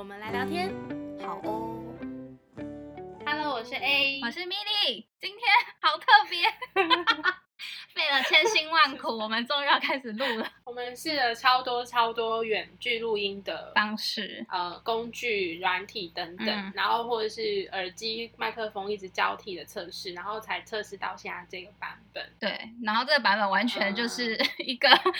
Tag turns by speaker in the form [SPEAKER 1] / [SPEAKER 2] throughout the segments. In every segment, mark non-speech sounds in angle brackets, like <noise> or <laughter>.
[SPEAKER 1] 我們來聊天，好哦。Hello，我是 A，我是 Millie。今天好特別，費 <laughs> 了千辛萬
[SPEAKER 2] 苦， <laughs> 我們終於要開始錄了。我們試了超多超多遠距錄音的方式，呃，工具、軟體等等，嗯、然後或者是耳機、麥克風一直交替的測試，然後才測試到現在這個版本。
[SPEAKER 1] 對，然後這個版本完全就是一個。嗯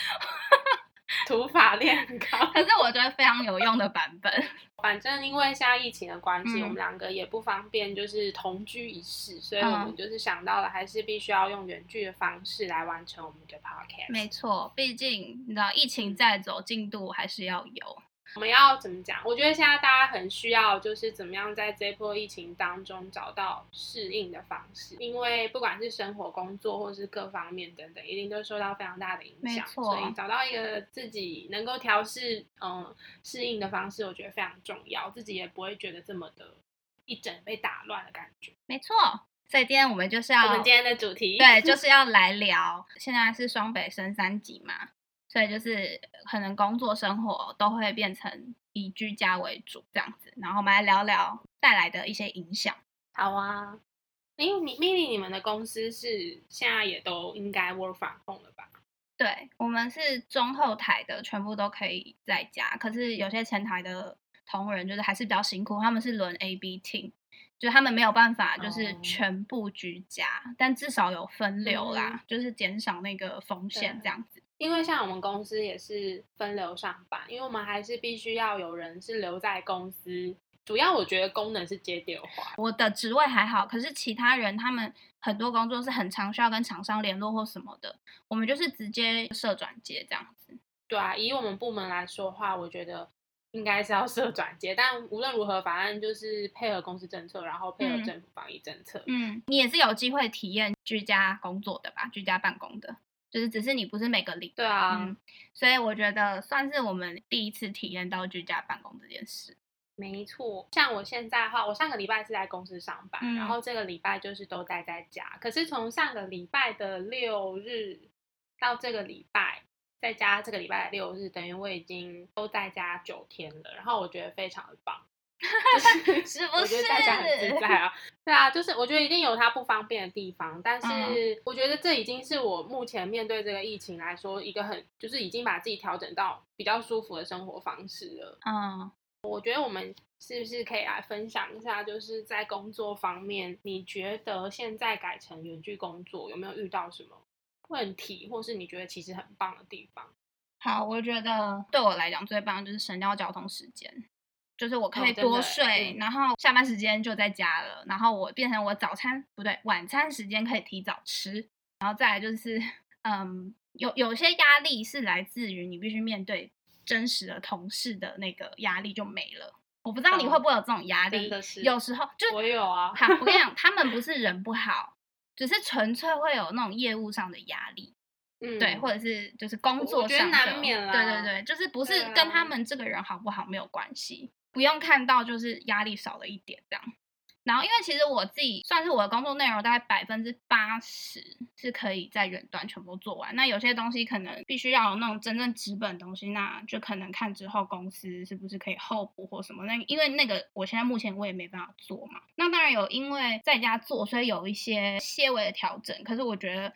[SPEAKER 2] 土法煉鋼，可是我覺得非常有用的版本。 <laughs> 反正因為現在疫情的關係，嗯、我們兩個也不方便就是同居一室，所以我們就是想到了還是必須要用遠距的方式來完成我們的 Podcast。嗯嗯、
[SPEAKER 1] 沒錯，畢竟你知道疫情在走，進度還是要有。
[SPEAKER 2] 我們要怎麼講？我覺得現在大家很需要，就是怎麼樣在這波疫情當中找到適應的方式，因為不管是生活、工作，或是各方面等等，一定都受到非常大的影響。沒錯。所以找到一個自己能夠調適、嗯適應的方式，我覺得非常重要，自己也不會覺得這麼的一整被打亂的感覺。
[SPEAKER 1] 沒錯。所以今天我們就是要我們今天的主題，對，就是要來聊。現在是雙北升三級嘛。所以就是可能工作生活都會變成以居家為主這樣子，然後我們來聊聊帶來的一些影響。好啊，因為你 Millie 你們的公
[SPEAKER 2] 司是現在也都應該 work from home 了吧？
[SPEAKER 1] 對，我們是中後台的全部都可以在家，可是有些前台的同仁就是還是比較辛苦，他們是輪 A B team 就他們沒有辦法就是全部居家，哦、但至少有分流啦，嗯、就是減少那個風險這
[SPEAKER 2] 樣子。因為像我們公司也是分流上班，因為我們還是必須要有人是留在公司。主要我覺得功能是接電話，
[SPEAKER 1] 我的職位還好，可是其他人他們很多工作是很常需要跟廠商聯絡或什麼的，我們就是直接設轉接這樣子。
[SPEAKER 2] 對啊，以我們部門來說的話，我覺得應該是要設轉接。但無論如何，反正就是配合公司政策，然後配合政府防疫政策。嗯、
[SPEAKER 1] 嗯，你也是有機會體驗居家工作的吧？居家辦公的。就是，只是你不是每個禮拜對啊、嗯，所以我覺得算是我們第一次體驗到居家辦公這件事。
[SPEAKER 2] 沒錯，像我現在的話，我上個禮拜是在公司上班，嗯、然後這個禮拜就是都待在，在家。可是從上個禮拜的六日到這個禮拜，再加這個禮拜六日，等於我已經都在家九天了，然後我覺得非常的棒。是、 <laughs> 就是， <laughs> 是不是？我覺得大家很自在啊。對啊，就是我覺得一定有它不方便的地方，但是我覺得這已經是我目前面對這個疫情來說一個很，就是已經把自己調整到比較舒服的生活方式
[SPEAKER 1] 了。
[SPEAKER 2] 嗯，我覺得我們是不是可以來分享一下，就是在工作方面，你覺得現在改成遠距工作有沒有遇到什麼問題，或是你覺得其實很棒的地方？
[SPEAKER 1] 好，我覺得對我來講最棒的就是省掉交、交通時間。就是我可以多睡，oh, 欸、然後下班時間就在家了，嗯、然後我變成我早餐不對，晚餐時間可以提早吃，然後再來就是，嗯，有有些壓力是來自於你必須面對真實的同事的那個壓力就沒了。我不知道你會不會有這種壓力，oh, 有時候就我有啊 <laughs> 好。我跟你講，他們不是人不好， <laughs> 只是純粹會有那種業務上的壓力，嗯、
[SPEAKER 2] 對，或者
[SPEAKER 1] 是就是工作上的，難免對對對，就是不是跟他們這個人好不好,、啊、好不好沒有關係。不用看到，就是壓力少了一點這樣。然後，因為其實我自己算是我的工作內容大概百分之八十是可以在遠端全部做完。那有些東西可能必須要有那種真正紙本東西，那就可能看之後公司是不是可以後補或什麼。那因為那個我現在目前我也沒辦法做嘛。那當然有，因為在家做，所以有一些些微的調整。可是我覺得。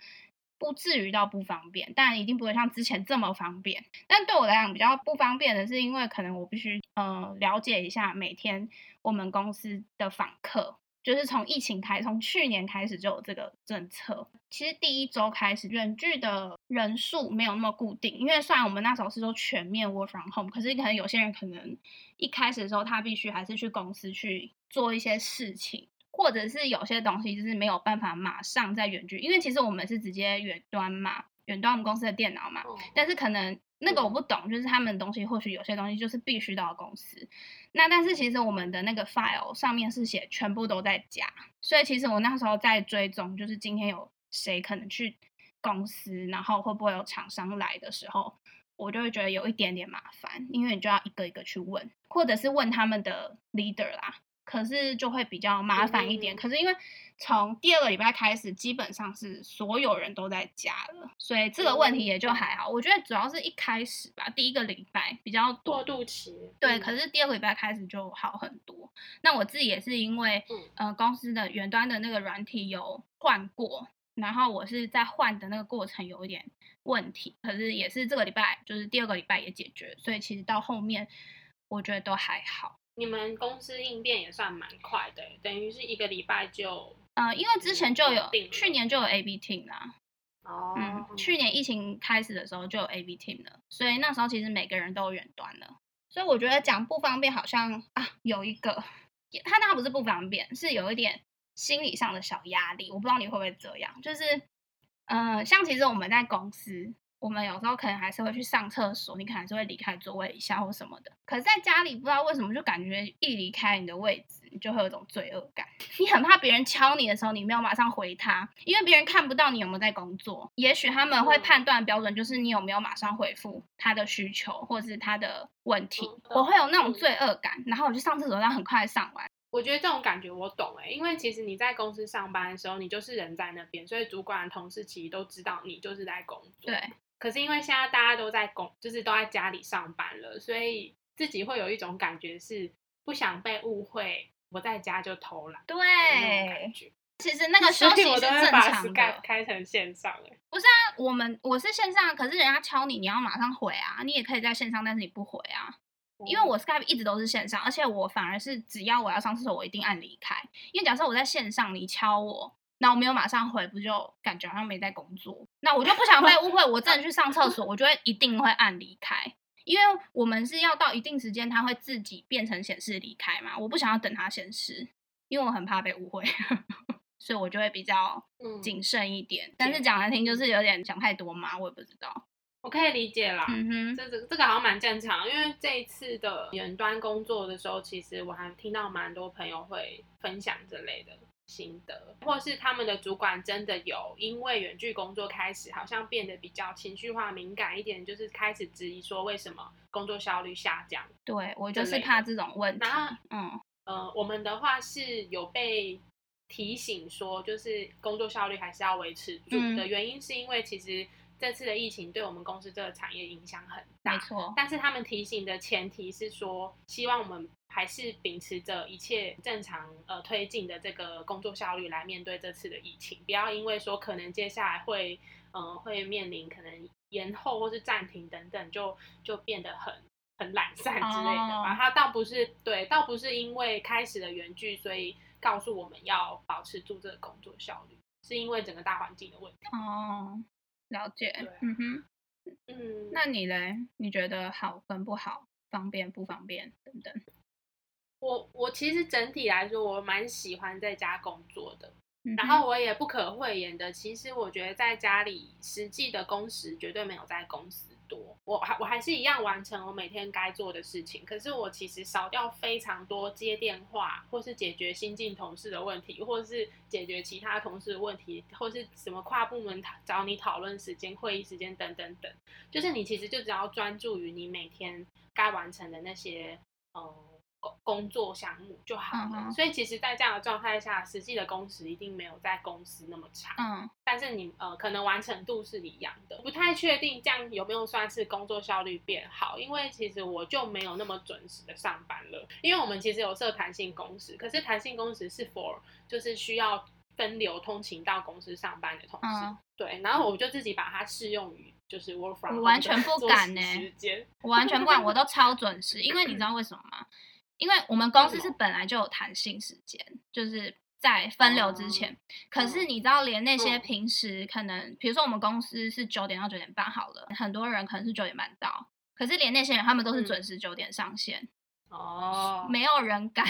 [SPEAKER 1] 不至於到不方便，但一定不會像之前這麼方便。但對我來講比較不方便的是，因為可能我必須呃、了解一下每天我們公司的訪客，就是從疫情開始，從去年開始就有這個政策。其實第一周開始，遠距的人數沒有那麼固定，因為雖然我們那時候是說全面 work from home，可是可能有些人可能一開始的時候他必須還是去公司去做一些事情。或者是有些東西就是沒有辦法馬上在遠距，因為其實我們是直接遠端嘛，遠端我們公司的電腦嘛。但是可能那個我不懂，就是他們的東西，或許有些東西就是必須到公司。那但是其實我們的那個 file 上面是寫全部都在家，所以其實我那時候在追蹤，就是今天有誰可能去公司，然後會不會有廠商來的時候，我就會覺得有一點點麻煩，因為你就要一個一個去問，或者是問他們的 leader 啦。可是就會比較麻煩一點。可是因為從第二個禮拜開始，基本上是所有人都在家了，所以這個問題也就還好。我覺得主要是一開始吧，第一個禮拜比較過渡期。對，可是第二個禮拜開始就好很多。那我自己也是因為，呃，公司的遠端的那個軟體有換過，然後我是在換的那個過程有一點問題，可是也是這個禮拜，就是第二個禮拜也解決，所以其實到後面我覺得都還好。
[SPEAKER 2] 你們公司應變也算蠻快的，等於是一個禮拜就……
[SPEAKER 1] 嗯、呃，因為之前就有，去年就有 A B Team 啦。
[SPEAKER 2] 哦、oh. 嗯。
[SPEAKER 1] 去年疫情開始的時候就有 A B Team 了，所以那時候其實每個人都遠端了。所以我覺得講不方便，好像啊，有一個他當然不是不方便，是有一點心理上的小壓力。我不知道你會不會這樣，就是嗯、呃，像其實我們在公司。我們有時候可能還是會去上廁所，你可能是會離開座位一下或什麼的。可是在家裡不知道為什麼就感覺一離開你的位置，你就會有種罪惡感。你很怕別人敲你的時候，你沒有馬上回他，因為別人看不到你有沒有在工作。也許他們會判斷標準就是你有沒有馬上回復他的需求或是他的問題。嗯嗯、我會有那種罪惡感，嗯、然後我就上廁所，他很快
[SPEAKER 2] 上完。我覺得這種感覺我懂誒、欸，因為其實你在公司上班的時候，你就是人在那邊，所以主管同事其實都知道你就是在工作。對。可是因為現在大家都在工，就是都在家裡上班了，所以自己會有一種感覺是不想被誤會我在家就偷懶，對，對其實那個休息是正常的。開成線上，哎，
[SPEAKER 1] 不是啊，我們我是線上，可是人家敲你，你要馬上回啊。你也可以在線上，但是你不回啊，嗯，因為我 Skype 一直都是線上，而且我反而是只要我要上廁所，我一定按離開。因為假設我在線上，你敲我，那我沒有馬上回，不就感覺好像沒在工作？ <laughs> 那我就不想被誤會。我真的去上廁所，我就會一定會按離開，因為我們是要到一定時間，它會自己變成顯示離開嘛。我不想要等它顯示，因為我很怕被誤會， <laughs> 所以我就會比較謹慎一點。嗯、但是講來聽就是有點想太多嘛，我也不知道。
[SPEAKER 2] 我可以理解啦，嗯、哼，這這個好像蠻正常，因為這一次的遠端工作的時候，其實我還聽到蠻多朋友會分享之類的心得，或是他們的主管真的有因為遠距工作開始，好像變得比較情緒化、敏感一點，就是開始質疑說，為什麼工作效率下降？
[SPEAKER 1] 對，對，對，我就是怕這種問題。然後那，嗯
[SPEAKER 2] 呃，我們的話是有被提醒說，就是工作效率還是要維持住的原因，是因為其實。這次的疫情對我們公司這個產業影響很大，沒錯。但是他們提醒的前提是說，希望我們還是秉持着一切正常呃推進的這個工作效率來面對這次的疫情，不要因為說可能接下來會呃，會面臨可能延後或是暫停等等，就就變得很很懶散之類的吧。他、oh. 倒不是對，倒不是因為開始的遠距，所以告訴我們要保持住這個工作效率，是因為整個大環境的問
[SPEAKER 1] 題哦。Oh. 了解，啊、嗯哼，嗯，那你嘞？你覺得好跟不好，方便不方便等等？
[SPEAKER 2] 我我其實整體來說，我蠻喜歡在家工作的，嗯哼，然後我也不可諱言的，其實我覺得在家裡實際的工時絕對沒有在公司。多，我還我還是一樣完成我每天該做的事情，可是我其實少掉非常多接電話，或是解決新進同事的問題，或是解決其他同事的問題，或是什麼跨部門討找你討論時間、會議時間等等等，就是你其實就只要專注於你每天該完成的那些哦。嗯工作項目就好了，uh huh. 所以其實，在這樣的狀態下，實際的工時一定沒有在公司那麼長。嗯、uh，huh. 但是你呃，可能完成度是一樣的。不太確定這樣有沒有算是工作效率變好，因為其實我就沒有那麼準時的上班了。因為我們其實有設彈性工時，可是彈性工時是 for 就是需要分流通勤到公司上班的同事。Uh huh. 對，然後我就自己把它適用於就是 work from 完全不敢呢，時間我完全不敢、欸我完全不管，我都超
[SPEAKER 1] 準時。因為你知道為什麼嗎？因為我們公司是本來就有彈性時間，嗯、就是在分流之前。嗯、可是你知道，連那些平時可能，嗯、比如說我們公司是九點到九點半好了，很多人可能是九點半到，可是連那些人他們都是準時九點上線
[SPEAKER 2] 哦，嗯、沒
[SPEAKER 1] 有人敢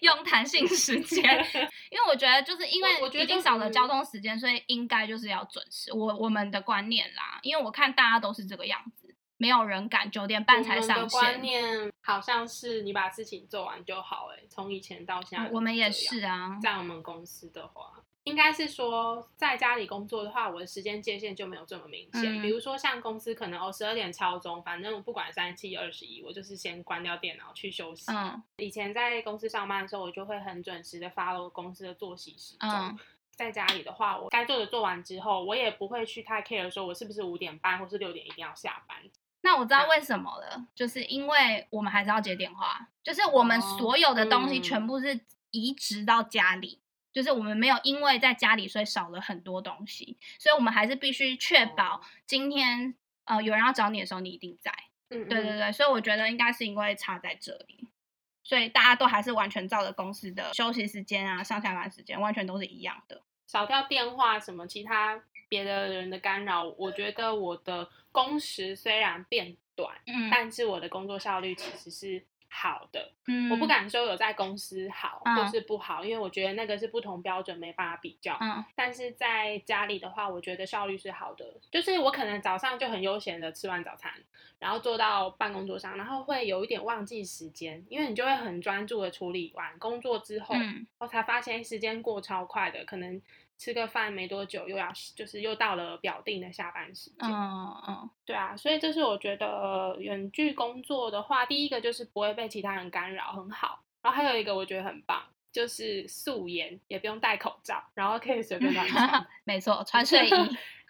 [SPEAKER 1] 用彈性時間。嗯、因為我覺得，就是因為我已經少了交通時間，所以應該就是要準時。我我們的觀念啦，因為我看大家都是這個樣子。沒有人
[SPEAKER 2] 敢九點半才上班，我的觀念好像是你把事情做完就好哎。從以前到現在，我們也是啊。在我們公司的話，應該是說在家裡工作的話，我的時間界限就沒有這麼明顯。嗯。比如說像公司可能哦十二點超鐘，反正我不管三七二十一，我就是先關掉電腦去休息。嗯。以前在公司上班的時候，我就會很準時的 follow 公司的作息時鐘。嗯。在家裡的話，我該做的做完之後，我也不會去太 care 說我是不是五點半或是六點一定要下班。
[SPEAKER 1] 那我知道為什麼了，嗯、就是因為我們還是要接電話，就是我們所有的東西全部是移植到家裡，哦、嗯嗯，就是我們沒有因為在家裡所以少了很多東西，所以我們還是必須確保今天、哦、呃有人要找你的時候你一定在。嗯、嗯，對對對，所以我覺得應該是因為差在這裡，所以大家都還是完全照着公司的休息時間啊、上下班時間完全都是一樣的，
[SPEAKER 2] 少掉電話什麼其他，別的人的干擾，我覺得我的工時雖然變短，嗯，但是我的工作效率其實是好的。嗯，我不敢說有在公司好或是不好，哦、因為我覺得那個是不同標準，沒辦法比較。嗯、哦，但是在家裡的話，我覺得效率是好的。就是我可能早上就很悠閒的吃完早餐，然後坐到辦公桌上，然後會有一點忘記時間，因為你就會很專注的處理完工作之後，我、嗯、才發現時間過超快的，可能。吃個飯沒多久，又要就是又到了表定的下班時間。嗯嗯、oh. 對啊，所以這是我覺得遠距工作的話，第一個就是不會被其他人干擾，很好。然後還有一個我覺得很棒，就是素顏也不用戴口罩，然後可以隨便亂穿。 <laughs> 沒錯，穿睡衣。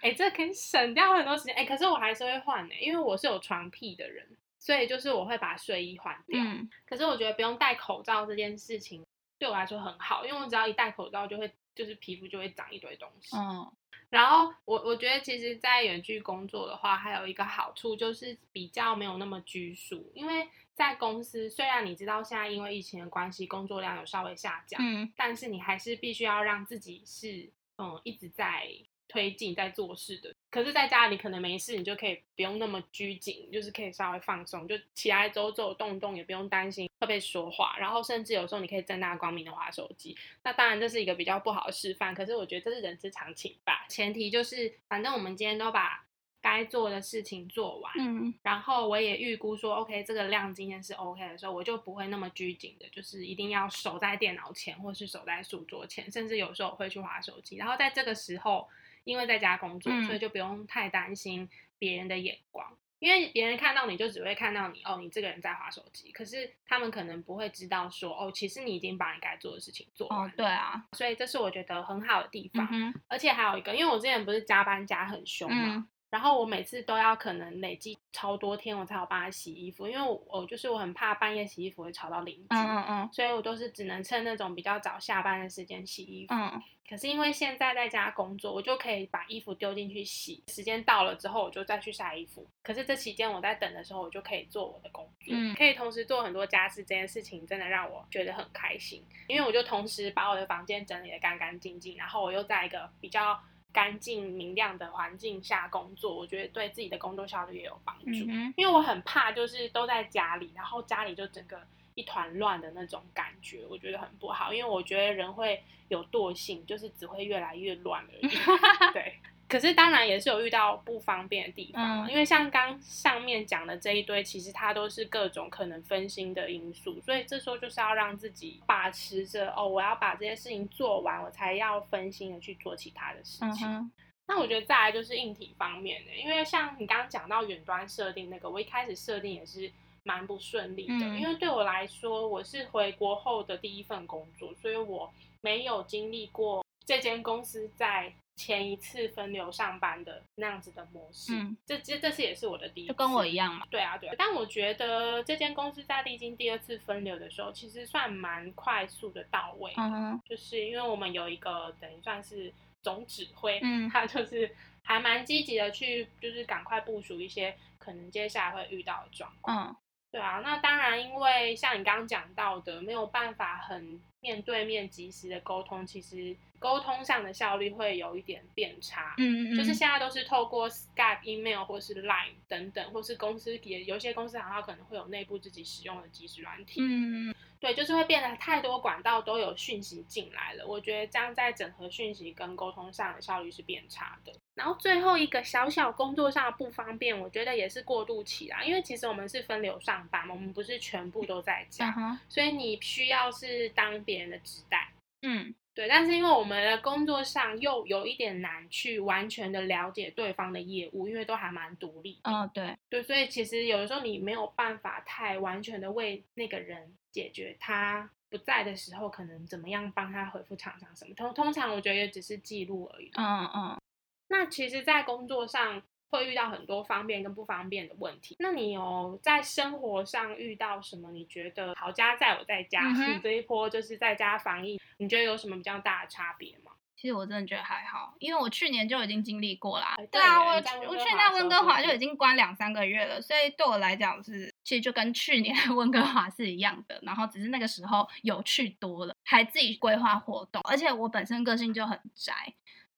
[SPEAKER 2] 哎、 <laughs> 欸，這可以省掉很多時間。哎、欸，可是我還是會換呢、欸，因為我是有床癖的人，所以就是我會把睡衣換掉。嗯、可是我覺得不用戴口罩這件事情對我來說很好，因為我只要一戴口罩就會。就是皮膚就會長一堆東西。嗯，然後我我覺得其實，在遠距工作的話，還有一個好處就是比較沒有那麼拘束。因為在公司，雖然你知道現在因為疫情的關係，工作量有稍微下降，嗯，但是你還是必須要讓自己是嗯一直在。推進在做事的。可是在家裡可能沒事，你就可以不用那麼拘謹，就是可以稍微放鬆，就起來走走動動，也不用擔心會被說話，然後甚至有時候你可以正大光明的滑手機。那當然這是一個比較不好的示範，可是我覺得這是人之常情吧。前提就是反正我們今天都把該做的事情做完，嗯，然後我也預估說，OK，這個量今天是 OK 的時候，我就不會那麼拘謹的，就是一定要守在電腦前，或是守在書桌前，甚至有時候我會去滑手機，然後在這個時候。因為在家工作，所以就不用太擔心別人的眼光，嗯、因為別人看到你就只會看到你哦，你這個人在滑手機。可是他們可能不會知道說哦，其實你已經把你該做的事情做了。哦，對啊，所以這是我覺得很好的地方。嗯、哼而且還有一個，因為我之前不是加班加很凶嘛，嗯、然後我每次都要可能累積超多天，我才有幫他洗衣服，因為我，我就是我很怕半夜洗衣服會吵到鄰居，嗯，嗯嗯，所以我都是只能趁那種比較早下班的時間洗衣服。嗯可是因為現在在家工作，我就可以把衣服丟進去洗，時間到了之後我就再去曬衣服。可是這期間我在等的時候，我就可以做我的工作，嗯、可以同時做很多家事。這件事情真的讓我覺得很開心，因為我就同時把我的房間整理得乾乾淨淨，然後我又在一個比較乾淨明亮的環境下工作，我覺得對自己的工作效率也有幫助。嗯、因為我很怕就是都在家裡，然後家裡就整個。一團亂的那種感覺，我覺得很不好，因為我覺得人會有惰性，就是只會越來越亂而已。對， <laughs> 可是當然也是有遇到不方便的地方，嗯、因為像剛上面講的這一堆，其實它都是各種可能分心的因素，所以這時候就是要讓自己把持着哦，我要把這些事情做完，我才要分心的去做其他的事情。嗯、哼那我覺得再來就是硬體方面的，因為像你剛剛講到遠端設定那個，我一開始設定也是。蠻不順利的，因為對我來說，我是回國後的第一份工作，所以我沒有經歷過這間公司在前一次分流上班的那樣子的模式。嗯，這這這次也是我的第一次，就跟我一樣嘛。對啊，對啊。但我覺得這間公司在歷經第二次分流的時候，其實算蠻快速的到位的。嗯，uh huh. 就是因為我們有一個等於算是總指揮，嗯，他就是還蠻積極的去，就是趕快部署一些可能接下來會遇到的狀況。Uh huh. 對啊，那當然，因為像你剛剛講到的，沒有辦法很面對面、及時的溝通，其實。溝通上的效率會有一點變差，嗯嗯哼，就是現在都是透過 Skype、Email 或是 Line 等等，或是公司也有些公司好像可能會有內部自己使用的即時軟體，嗯嗯，對，就是會變得太多管道都有訊息進來了，我覺得這樣在整合訊息跟溝通上的效率是變差的。然後最後一個小小工作上的不方便，我覺得也是過渡期啦，因為其實我們是分流上班嘛，我們不是全部都在家，嗯、所以你需要是當別人的職代，嗯。對，但是因為我們的工作上又有一點難去完全的了解對方的業務，因為都還蠻獨立。嗯、
[SPEAKER 1] 哦，對，
[SPEAKER 2] 對，所以其實有的時候你沒有辦法太完全的為那個人解決他不在的時候，可能怎麼樣幫他回覆廠商什麼，通通常我覺得也只是記錄而已。嗯，嗯嗯，那其實，在工作上。會遇到很多方便跟不方便的問題。那你有在生活上遇到什麼？你覺得好家在我在家，嗯哼，是這一波，就是在家防疫，你覺得有什麼比較大的差別嗎？其實我真的覺得還好，
[SPEAKER 1] 因為我去年就已經經歷過了，哎。對啊，我我去年在溫哥華就已經關兩三個月了，所以對我來講是其實就跟去年溫哥華是一樣的。然後只是那個時候有趣多了，還自己規劃活動，而且我本身個性就很宅。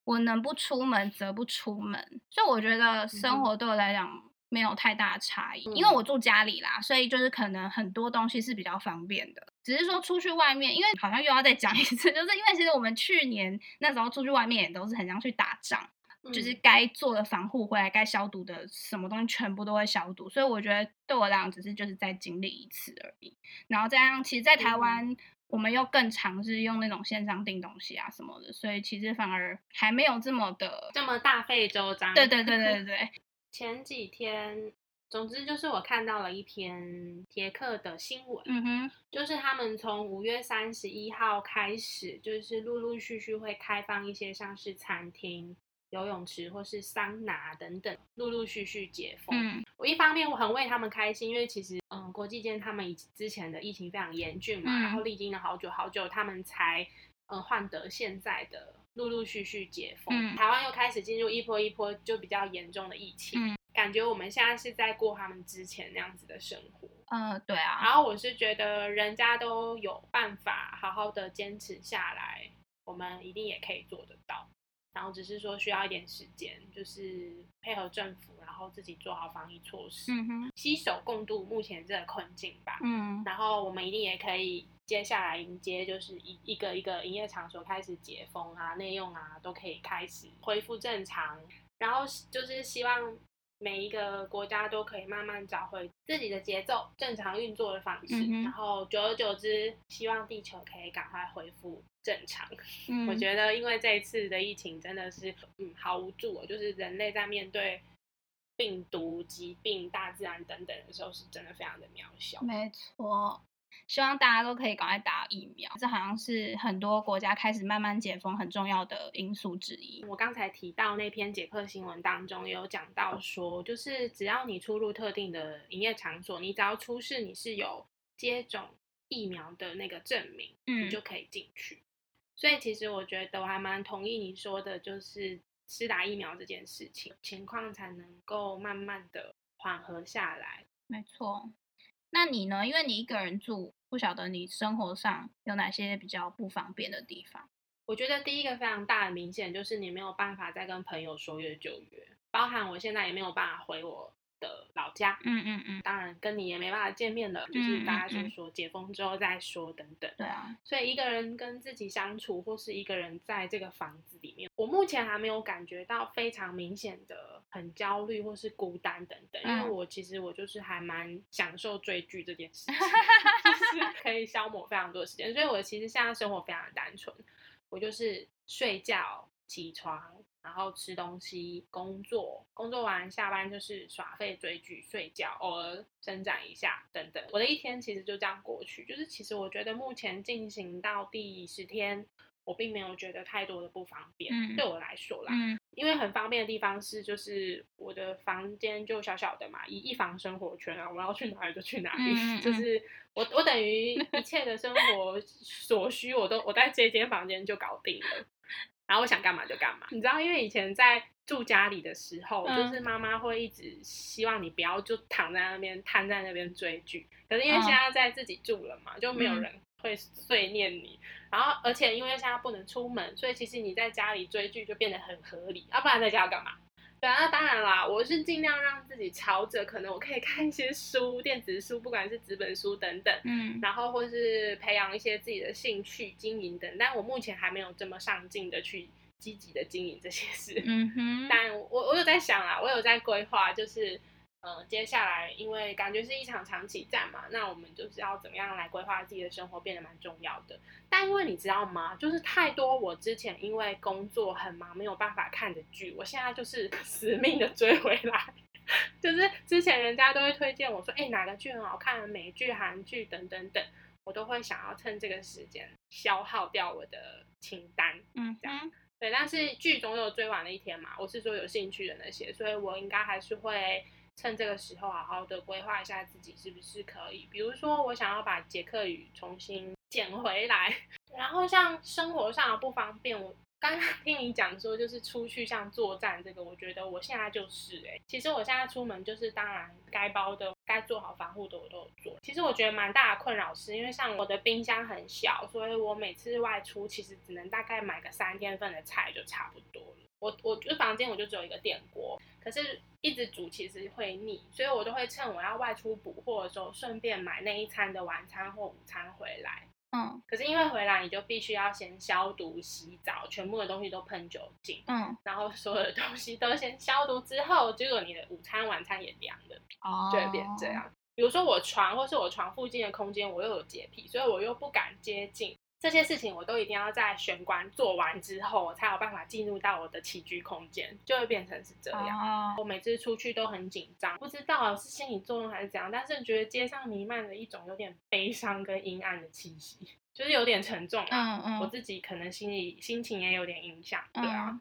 [SPEAKER 1] 我能不出門則不出門，所以我覺得生活對我來講沒有太大的差異，嗯、因為我住家裡啦，所以就是可能很多東西是比較方便的。只是說出去外面，因為好像又要再講一次，就是因為其實我們去年那時候出去外面也都是很像去打仗，嗯、就是該做的防護回來，該消毒的什麼東西全部都會消毒，所以我覺得對我來講只是就是再經歷一次而已。然後這樣，其實在台灣。嗯我們又更常是用那種線上訂東西啊什麼的，所以其實反而還沒有這麼的
[SPEAKER 2] 這麼大費周章。對，對對對對對。前幾天，總之就是我看到了一篇捷克的新聞，嗯哼，就是他們從五月三十一號開始，就是陸陸續續會開放一些像是餐廳。游泳池，或是桑拿等等，陸陸續續解封。嗯，我一方面我很為他們開心，因為其實嗯，呃，國際間他們以之前的疫情非常嚴峻嘛，嗯，然後歷經了好久好久，他們才呃，換得現在的陸陸續續解封。嗯，台灣又開始進入一波一波就比較嚴重的疫情。嗯，感覺我們現在是在過他們之前那樣子的生活。嗯，
[SPEAKER 1] 對啊。
[SPEAKER 2] 然後我是覺得人家都有辦法好好的堅持下來，我們一定也可以做得到。然後只是說需要一點時間，就是配合政府，然後自己做好防疫措施，嗯哼，攜手共度目前這個困境吧。嗯，然後我們一定也可以接下來迎接，就是一一個一個營業場所開始解封啊，內用啊都可以開始恢復正常。然後就是希望。每一個國家都可以慢慢找回自己的節奏、正常運作的方式，嗯哼，然後久而久之，希望地球可以趕快恢復正常。嗯，我覺得，因為這一次的疫情真的是，嗯，好無助，就是人類在面對病毒、疾病、大自然等等的時候，是真的非常的渺小。
[SPEAKER 1] 沒錯。希望大家都可以趕快打疫苗，這好像是很多國家開始慢慢解封很重要的因素之一。
[SPEAKER 2] 我剛才提到那篇捷克新聞當中也有講到說，就是只要你出入特定的營業場所，你只要出示你是有接種疫苗的那個證明，你就可以進去。嗯、所以其實我覺得我還蠻同意你說的，就是施打疫苗這件事情，情況才能夠慢慢的緩和下來。
[SPEAKER 1] 沒錯。那你呢？因為你一個人住，不曉得你生活上有哪些
[SPEAKER 2] 比較不方便的地方。我覺得第一個非常大的明顯就是你沒有辦法再跟朋友說約就約，包含我現在也沒有辦法回我的老家，嗯嗯嗯，嗯嗯當然跟你也沒辦法見面了，就是大家就說解封之後再說等等，對啊、嗯，嗯嗯、所以一個人跟自己相處，或是一個人在這個房子裡面，我目前還沒有感覺到非常明顯的很焦慮或是孤單等等，因為我其實我就是還蠻享受追劇這件事情，嗯、就是可以消磨非常多時間，所以我其實現在生活非常的單純，我就是睡覺起床。然後吃東西、工作，工作完下班就是耍廢、追劇、睡覺，偶爾、哦、伸展一下等等。我的一天其實就這樣過去。就是其實我覺得目前進行到第十天，我並沒有覺得太多的不方便。嗯、對我來說啦，嗯、因為很方便的地方是，就是我的房間就小小的嘛，以一房生活圈啊，我要去哪裡就去哪裡。嗯、 <laughs> 就是我我等於一切的生活所需，我都我在這間房間就搞定了。然後我想幹嘛就幹嘛，你知道，因為以前在住家裡的時候，嗯、就是媽媽會一直希望你不要就躺在那邊癱在那邊追劇。可是因為現在在自己住了嘛，嗯、就沒有人會碎念你。然後，而且因為現在不能出門，所以其實你在家裡追劇就變得很合理。要、啊、不然在家要幹嘛？對啊、那當然啦，我是盡量讓自己朝着可能我可以看一些書，電子書，不管是紙本書等等，嗯、然後或是培養一些自己的興趣，經營等。但我目前還沒有這麼上進的去積極的經營這些事，嗯、哼但我我有在想啦，我有在規劃，就是。呃、嗯，接下來因為感覺是一場長期戰嘛，那我們就是要怎麼樣來規劃自己的生活變得蠻重要的。但因為你知道嗎？就是太多我之前因為工作很忙沒有辦法看的劇，我現在就是死命的追回來。就是之前人家都會推薦我說，哎，哪個劇很好看，美劇、韓劇等等等，我都會想要趁這個時間消耗掉我的清單。嗯，這樣對。但是劇總有追完的一天嘛，我是說有興趣的那些，所以我應該還是會。趁這個時候，好好的規劃一下自己是不是可以。比如說，我想要把捷克語重新撿回來，然後像生活上不方便我。剛剛聽你講說，就是出去像作戰這個，我覺得我現在就是哎、欸，其實我現在出門就是，當然該包的、該做好防護的，我都有做。其實我覺得蠻大的困擾是，因為像我的冰箱很小，所以我每次外出其實只能大概買個三天份的菜就差不多了。我我就是房間我就只有一個電鍋，可是一直煮其實會膩，所以我都會趁我要外出補貨的時候，順便買那一餐的晚餐或午餐回來。嗯、可是因為回來你就必須要先消毒、洗澡，全部的東西都噴酒精，嗯、然後所有的東西都先消毒之後，結果你的午餐、晚餐也涼了，就會變這樣。哦、比如說我床或是我床附近的空間，我又有潔癖，所以我又不敢接近。這些事情我都一定要在玄關做完之後，我才有辦法進入到我的起居空間，就會變成是這樣。哦、我每次出去都很緊張，不知道是心理作用還是怎樣，但是覺得街上彌漫了一種有點悲傷跟陰暗的氣息，就是有點沉重嗯。嗯嗯，我自己可能心理心情也有點影響，嗯、對啊。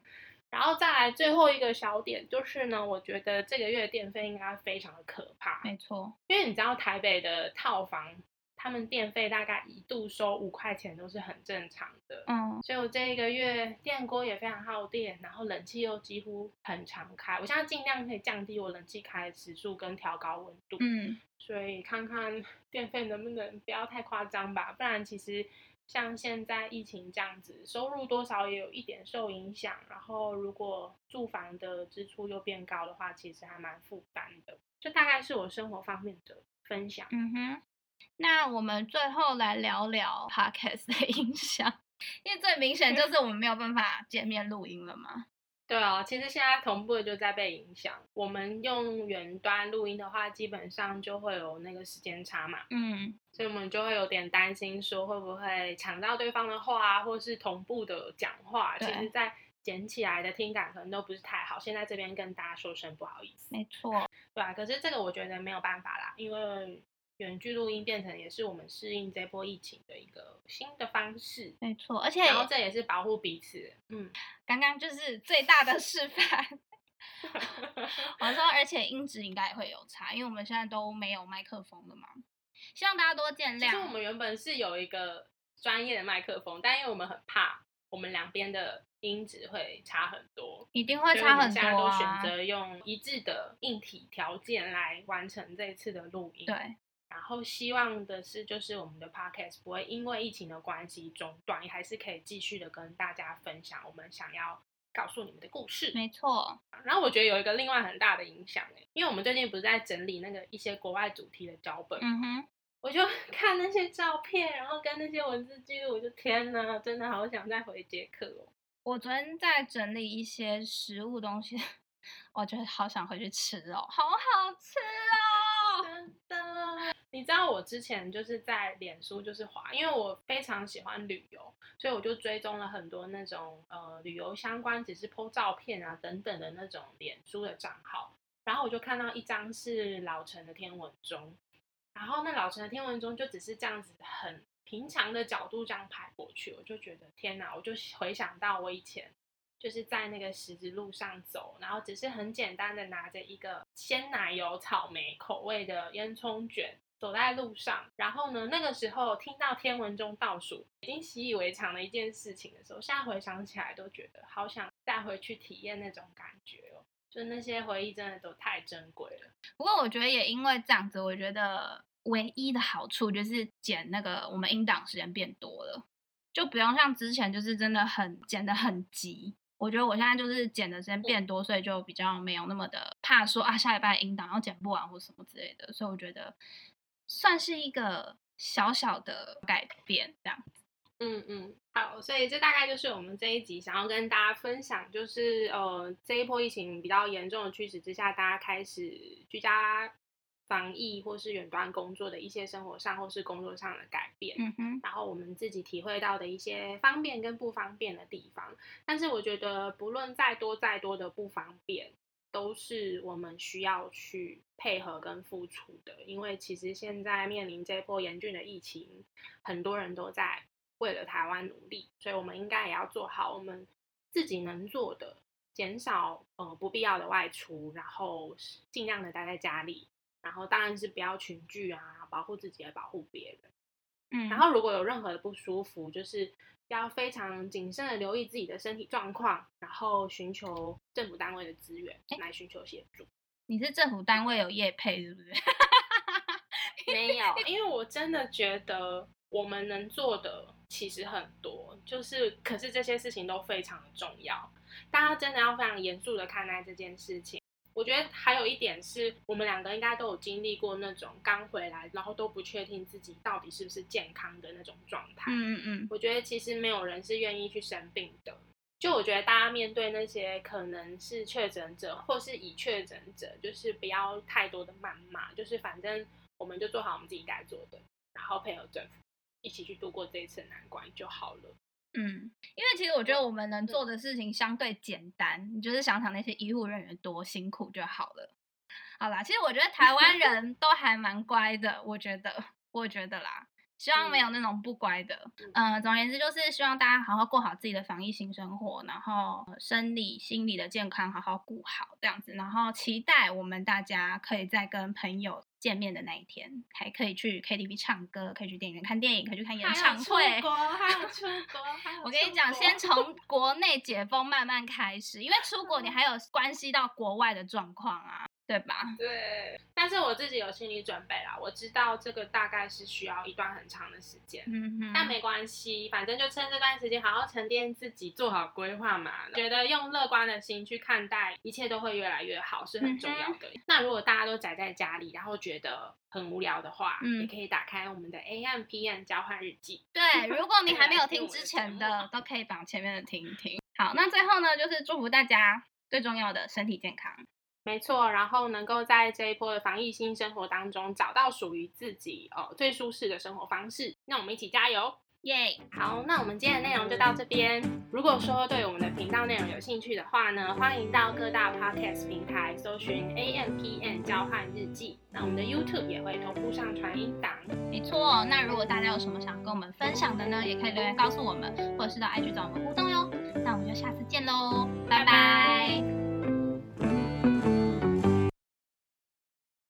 [SPEAKER 2] 然後再來最後一個小點就是呢，我覺得這個月電費應該非常的可怕，
[SPEAKER 1] 沒錯，因
[SPEAKER 2] 為你知道台北的套房。他們電費大概一度收五塊錢都是很正常的，嗯，所以我這一個月電鍋也非常耗電，然後冷氣又幾乎很常開，我現在儘量可以降低我冷氣開的時數跟調高溫度，嗯，所以看看電費能不能不要太誇張吧，不然其實像現在疫情這樣子，收入多少也有一點受影響，然後如果住房的支出又變高的話，其實還蠻負擔的，就大概是我生活方面的分享，嗯
[SPEAKER 1] 哼。那我們最後來聊聊 Podcast 的影響，因為最明顯就是我們沒有辦法見面錄音了嘛。
[SPEAKER 2] 對哦、啊，其實現在同步的就在被影響。我們用遠端錄音的話，基本上就會有那個時間差嘛。嗯，所以我們就會有點擔心說會不會搶到對方的話、啊，或是同步的講話，對其實在剪起來的聽感可能都不是太好。現在這邊跟大家說聲不好意思。沒錯。對啊，可是這個我覺得沒有辦法啦，因為。遠距錄音變成也是我們適應這波疫情的一個新的方式，沒錯，而且然後這也是保護彼此的，嗯，剛剛就是最大的示範， <laughs> 我說，而且音
[SPEAKER 1] 質應該會有差，因為我們現在都沒有麥克風了嘛，
[SPEAKER 2] 希望大家多見諒。其實我們原本是有一個專業的麥克風，但因為我們很怕我們兩邊的音質會差很多，一定會差很多啊，大家都選擇用一致的硬體條件來完成這次的錄音，對。然後希望的是，就是我們的 podcast 不會因為疫情的關係中斷，你還是可以繼續的跟大家分享我們想要告訴你們的故事。沒錯。然後我覺得有一個另外很大的影響，因為我們最近不是在整理那個一些國外主題的腳本，嗯哼，我就看那些照片，然後跟那些文字記錄，我就天哪，真的好想再回捷克哦。我
[SPEAKER 1] 昨天在整理一些食物東西，我就好想回去吃哦，
[SPEAKER 2] 好好吃。你知道我之前就是在臉書就是滑，因為我非常喜歡旅遊，所以我就追蹤了很多那種呃旅遊相關，只是 po 照片啊等等的那種臉書的賬號。然後我就看到一張是老城的天文鐘，然後那老城的天文鐘就只是這樣子很平常的角度這樣拍過去，我就覺得天哪！我就回想到我以前就是在那個十字路上走，然後只是很簡單的拿着一個鮮奶油草莓口味的煙囪卷。走在路上，然後呢，那個時候聽到天文中倒數，已經習以為常的一件事情的時候，現在回想起來都覺得好想再回去體驗那種感覺哦。就那些回憶真的都太珍貴了。
[SPEAKER 1] 不過我覺得也因為這樣子，我覺得唯一的好處，就是剪那個我們音檔時間變多了，就不用像之前就是真的很剪的很急。我覺得我現在就是剪的時間變多，嗯、所以就比較沒有那麼的怕說啊下禮拜音檔要剪不完或什麼之類的。所以我覺得。算是一個小小的改變，這樣子。
[SPEAKER 2] 嗯嗯，好，所以這大概就是我們這一集想要跟大家分享，就是呃這一波疫情比較嚴重的趨勢之下，大家開始居家防疫或是遠端工作的一些生活上或是工作上的改變。嗯哼，然後我們自己體會到的一些方便跟不方便的地方。但是我覺得，不論再多再多的不方便。都是我們需要去配合跟付出的，因為其實現在面臨這波嚴峻的疫情，很多人都在為了台灣努力，所以我們應該也要做好我們自己能做的，減少呃不必要的外出，然後盡量的待在家裡，然後當然是不要群聚啊，保護自己也保護別人。嗯，然後如果有任何的不舒服，就是要非常謹慎的留意自己的身體狀況，然後尋求政府單位的資源來尋求協助。
[SPEAKER 1] 欸？你是政府單位有業配是不
[SPEAKER 2] 是？ <laughs> 沒有， <laughs> 因為我真的覺得我們能做的其實很多，就是可是這些事情都非常重要，大家真的要非常嚴肅的看待這件事情。我覺得還有一點是我們兩個應該都有經歷過那種剛回來，然後都不確定自己到底是不是健康的那種狀態。嗯嗯，我覺得其實沒有人是願意去生病的。就我覺得大家面對那些可能是確診者或是已確診者，就是不要太多的謾罵，就是反正我們就做好我們自己該做的，然後配合政府一起去度過這一次難關就好了。
[SPEAKER 1] 嗯，因為其實我覺得我們能做的事情相對簡單，你對就是想想那些醫護人員多辛苦就好了。好啦，其實我覺得台灣人都還蠻乖的， <laughs> 我覺得，我覺得啦。希望沒有那種不乖的，嗯、呃，總而言之就是希望大家好好過好自己的防疫新生活，然後生理心理的健康好好顧好這樣子，然後期待我們大家可以再跟朋友見面的那一天，還可以去 KTV 唱歌，可以去電影院看電影，可以去看演唱會，還有出國，還有出國，還有
[SPEAKER 2] 出國 <laughs> 我跟你講，先
[SPEAKER 1] 從國內解封慢慢開始，因為出國你還有關係到國外的狀況啊。
[SPEAKER 2] 對吧？對，但是我自己有心理準備啦，我知道這個大概是需要一段很長的時間，嗯嗯哼，但沒關係，反正就趁這段時間好好沉澱自己，做好規劃嘛。覺得用樂觀的心去看待，一切都會越來越好，是很重要的。嗯、哼那如果大家都宅在家裡，然後覺得很無聊的話，嗯，你可以打開我們的 AMpm 交換日記。對，如果你還沒有聽之
[SPEAKER 1] 前的， <laughs> 都可以把前面的聽一聽。好，那最後呢，就是祝福大家最重要的身體健康。
[SPEAKER 2] 沒錯，然後能夠在這一波的防疫新生活當中找到屬於自己哦最舒適的生活方式，那我們一起加油，耶！好，那我們今天的內容就到這邊。如果說對我們的頻道內容有興趣的話呢，歡迎到各大 Podcast 平台搜尋 AMpm 交換日記。那我們的 YouTube 也會同步上傳音檔。沒
[SPEAKER 1] 錯，那如果大家有什麼想跟我們分享的呢，也可以留言告訴我們，或者是到 IG 找我們互動喲。那我們就下次見嘍，拜拜。拜拜。